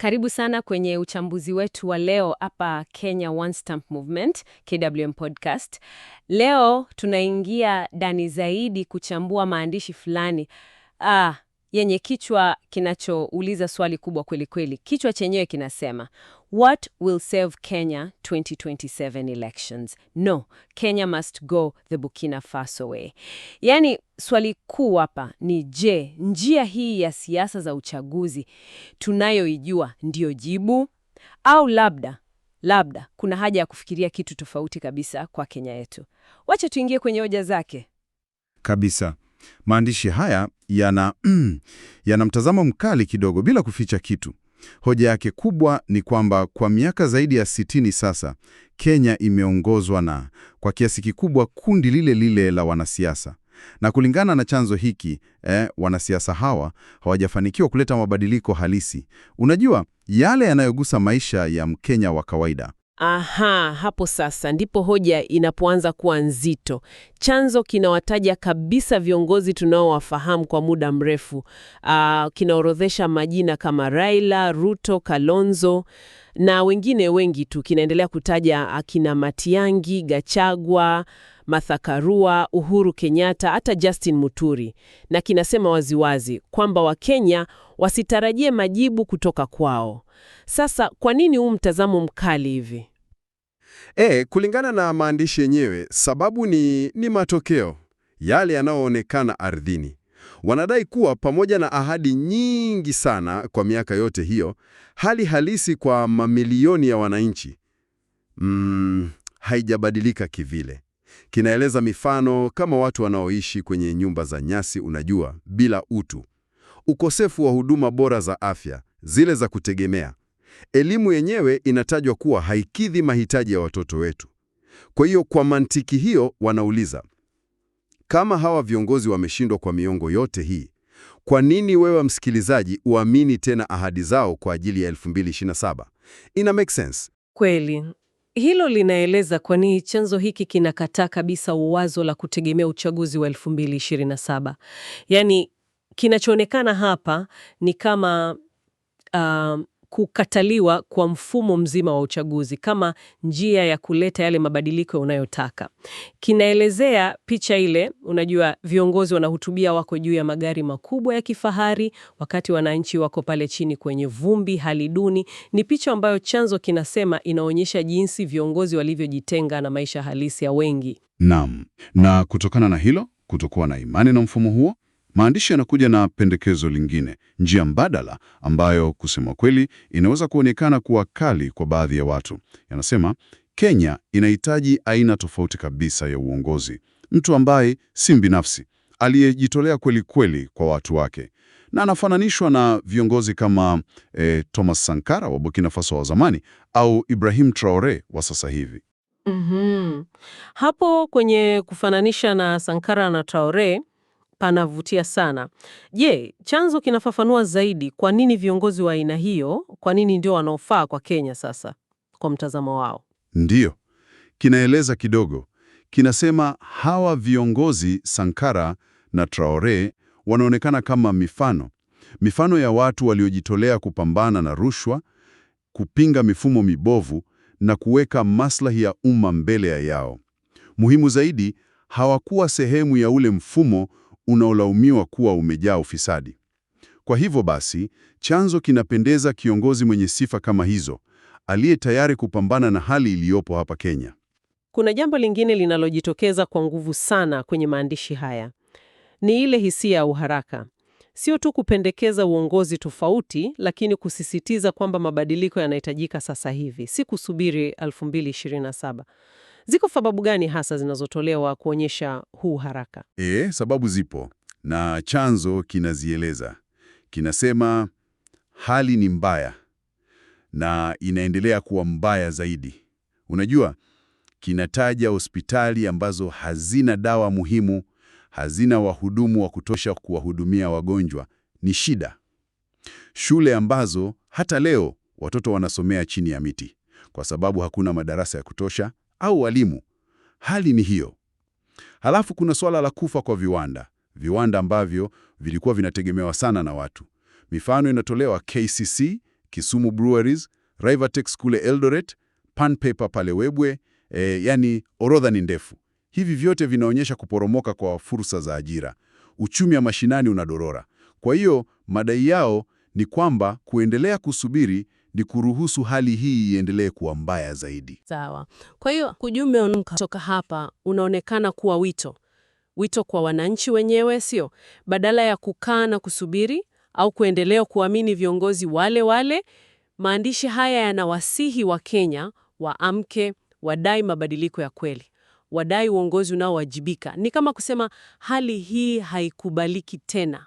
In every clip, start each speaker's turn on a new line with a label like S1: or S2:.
S1: Karibu sana kwenye uchambuzi wetu wa leo hapa Kenya One Stamp Movement, KWM Podcast. Leo tunaingia ndani zaidi kuchambua maandishi fulani. Ah, yenye kichwa kinachouliza swali kubwa kweli kweli. Kichwa chenyewe kinasema What will save Kenya 2027 elections? No, Kenya must go the Burkina Faso way. Yaani swali kuu hapa ni je, njia hii ya siasa za uchaguzi tunayoijua ndiyo jibu au labda labda kuna haja ya kufikiria kitu tofauti kabisa kwa Kenya yetu. Wacha tuingie kwenye hoja zake.
S2: Kabisa. Maandishi haya yana mm, yana mtazamo mkali kidogo, bila kuficha kitu. Hoja yake kubwa ni kwamba kwa miaka zaidi ya sitini sasa, Kenya imeongozwa na kwa kiasi kikubwa kundi lile lile la wanasiasa na kulingana na chanzo hiki eh, wanasiasa hawa hawajafanikiwa kuleta mabadiliko halisi. Unajua, yale yanayogusa maisha ya Mkenya wa kawaida,
S1: Aha, hapo sasa ndipo hoja inapoanza kuwa nzito. Chanzo kinawataja kabisa viongozi tunaowafahamu kwa muda mrefu. Uh, kinaorodhesha majina kama Raila, Ruto, Kalonzo na wengine wengi tu. Kinaendelea kutaja akina Matiangi, Gachagua, Martha Karua, Uhuru Kenyatta, hata Justin Muturi, na kinasema waziwazi kwamba Wakenya wasitarajie majibu kutoka kwao. Sasa kwa nini huu mtazamo mkali hivi?
S2: E, kulingana na maandishi yenyewe, sababu ni, ni matokeo yale yanayoonekana ardhini Wanadai kuwa pamoja na ahadi nyingi sana kwa miaka yote hiyo, hali halisi kwa mamilioni ya wananchi mm, haijabadilika kivile. Kinaeleza mifano kama watu wanaoishi kwenye nyumba za nyasi, unajua, bila utu, ukosefu wa huduma bora za afya, zile za kutegemea. Elimu yenyewe inatajwa kuwa haikidhi mahitaji ya watoto wetu. Kwa hiyo, kwa mantiki hiyo, wanauliza kama hawa viongozi wameshindwa kwa miongo yote hii, kwa nini wewe msikilizaji uamini tena ahadi zao kwa ajili ya 2027? Ina make sense
S1: kweli. Hilo linaeleza kwa nini chanzo hiki kinakataa kabisa uwazo la kutegemea uchaguzi wa 2027. Yaani, kinachoonekana hapa ni kama uh, kukataliwa kwa mfumo mzima wa uchaguzi kama njia ya kuleta yale mabadiliko unayotaka. Kinaelezea picha ile, unajua viongozi wanahutubia, wako juu ya magari makubwa ya kifahari, wakati wananchi wako pale chini kwenye vumbi, hali duni. Ni picha ambayo chanzo kinasema inaonyesha jinsi viongozi walivyojitenga na maisha halisi ya wengi.
S2: Naam, na kutokana na hilo, kutokuwa na imani na mfumo huo Maandishi yanakuja na pendekezo lingine, njia mbadala ambayo kusema kweli inaweza kuonekana kuwa kali kwa baadhi ya watu. Yanasema Kenya inahitaji aina tofauti kabisa ya uongozi, mtu ambaye si mbinafsi aliyejitolea kweli kweli kwa watu wake, na anafananishwa na viongozi kama e, Thomas Sankara wa Burkina Faso wa zamani au Ibrahim Traore wa sasa hivi.
S1: Mm -hmm. Hapo kwenye kufananisha na Sankara na Traore panavutia sana. Je, chanzo kinafafanua zaidi kwa nini viongozi wa aina hiyo, kwa nini ndio wanaofaa kwa Kenya sasa kwa mtazamo wao?
S2: Ndiyo, kinaeleza kidogo. Kinasema hawa viongozi Sankara na Traore wanaonekana kama mifano, mifano ya watu waliojitolea kupambana na rushwa, kupinga mifumo mibovu na kuweka maslahi ya umma mbele ya yao. Muhimu zaidi, hawakuwa sehemu ya ule mfumo unaolaumiwa kuwa umejaa ufisadi. Kwa hivyo basi, chanzo kinapendeza kiongozi mwenye sifa kama hizo, aliye tayari kupambana na hali iliyopo hapa Kenya.
S1: Kuna jambo lingine linalojitokeza kwa nguvu sana kwenye maandishi haya, ni ile hisia ya uharaka, sio tu kupendekeza uongozi tofauti, lakini kusisitiza kwamba mabadiliko yanahitajika sasa hivi, si kusubiri 2027. Ziko sababu gani hasa zinazotolewa kuonyesha huu haraka?
S2: E, sababu zipo na chanzo kinazieleza. Kinasema hali ni mbaya na inaendelea kuwa mbaya zaidi. Unajua, kinataja hospitali ambazo hazina dawa muhimu, hazina wahudumu wa kutosha kuwahudumia wagonjwa. Ni shida. Shule ambazo hata leo watoto wanasomea chini ya miti kwa sababu hakuna madarasa ya kutosha au walimu. Hali ni hiyo. Halafu kuna swala la kufa kwa viwanda, viwanda ambavyo vilikuwa vinategemewa sana na watu. Mifano inatolewa KCC, Kisumu Breweries, Rivertex kule Eldoret, Pan Paper pale Webwe, e, yani orodha ni ndefu. Hivi vyote vinaonyesha kuporomoka kwa fursa za ajira. Uchumi wa mashinani unadorora. Kwa hiyo madai yao ni kwamba kuendelea kusubiri ni kuruhusu hali hii iendelee kuwa mbaya zaidi.
S1: Sawa. Kwa hiyo ujumbe kutoka hapa unaonekana kuwa wito, wito kwa wananchi wenyewe, sio badala ya kukaa na kusubiri au kuendelea kuamini viongozi wale wale. Maandishi haya yanawasihi Wakenya waamke, wadai mabadiliko ya kweli, wadai uongozi unaowajibika. Ni kama kusema hali hii haikubaliki tena.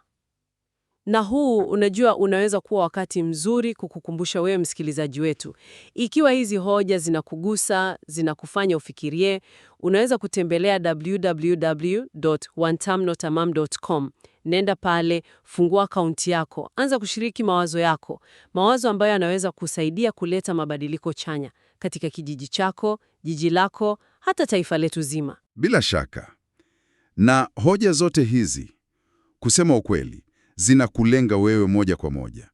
S1: Na huu unajua, unaweza kuwa wakati mzuri kukukumbusha wewe msikilizaji wetu, ikiwa hizi hoja zinakugusa, zinakufanya ufikirie, unaweza kutembelea www.wantamnotamam.com. Nenda pale, fungua akaunti yako, anza kushiriki mawazo yako, mawazo ambayo yanaweza kusaidia kuleta mabadiliko chanya katika kijiji chako, jiji lako, hata taifa letu zima.
S2: Bila shaka. Na hoja zote hizi, kusema ukweli zinakulenga wewe moja kwa moja.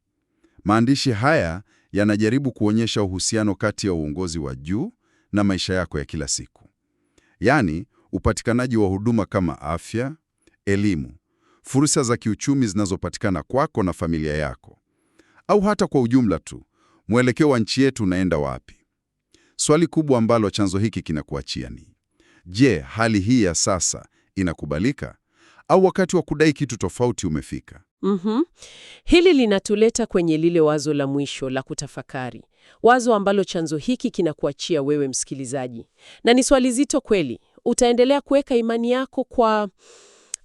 S2: Maandishi haya yanajaribu kuonyesha uhusiano kati ya uongozi wa juu na maisha yako ya kila siku, yaani upatikanaji wa huduma kama afya, elimu, fursa za kiuchumi zinazopatikana kwako na familia yako, au hata kwa ujumla tu mwelekeo wa nchi yetu unaenda wapi. Swali kubwa ambalo chanzo hiki kinakuachia ni je, hali hii ya sasa inakubalika au wakati wa kudai kitu tofauti umefika?
S1: Mm -hmm. Hili linatuleta kwenye lile wazo la mwisho la kutafakari, wazo ambalo chanzo hiki kinakuachia wewe msikilizaji, na ni swali zito kweli. Utaendelea kuweka imani yako kwa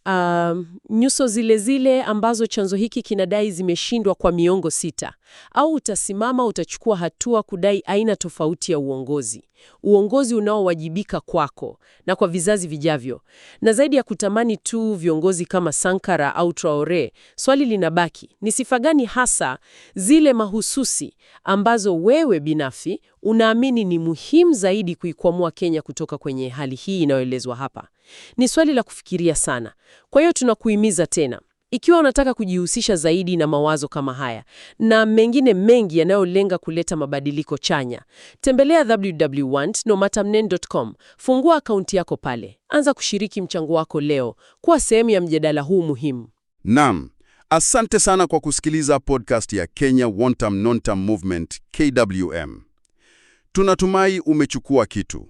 S1: uh, nyuso zile zile ambazo chanzo hiki kinadai zimeshindwa kwa miongo sita, au utasimama, utachukua hatua kudai aina tofauti ya uongozi? uongozi unaowajibika kwako na kwa vizazi vijavyo. Na zaidi ya kutamani tu viongozi kama Sankara au Traore, swali linabaki, ni sifa gani hasa zile mahususi ambazo wewe binafsi unaamini ni muhimu zaidi kuikwamua Kenya kutoka kwenye hali hii inayoelezwa hapa? Ni swali la kufikiria sana. Kwa hiyo tunakuhimiza tena ikiwa unataka kujihusisha zaidi na mawazo kama haya na mengine mengi yanayolenga kuleta mabadiliko chanya, tembelea www.nomatamnen.com. Fungua akaunti yako pale, anza kushiriki mchango wako leo, kuwa sehemu ya mjadala huu muhimu.
S2: Naam, asante sana kwa kusikiliza podcast ya Kenya Wantam Nontam Movement KWM. Tunatumai umechukua kitu.